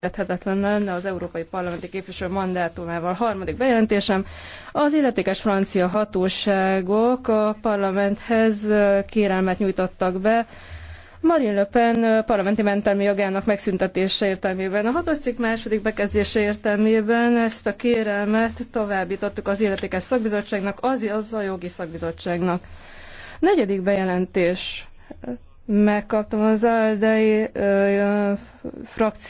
érthetetlen lenne az európai parlamenti képviselő mandátumával. Harmadik bejelentésem, az illetékes francia hatóságok a parlamenthez kérelmet nyújtottak be, Marine Le Pen parlamenti mentelmi jogának megszüntetése értelmében. A hatos cikk második bekezdése értelmében ezt a kérelmet továbbítottuk az illetékes szakbizottságnak, az, az a jogi szakbizottságnak. Negyedik bejelentés. Megkaptam az ALDE frakció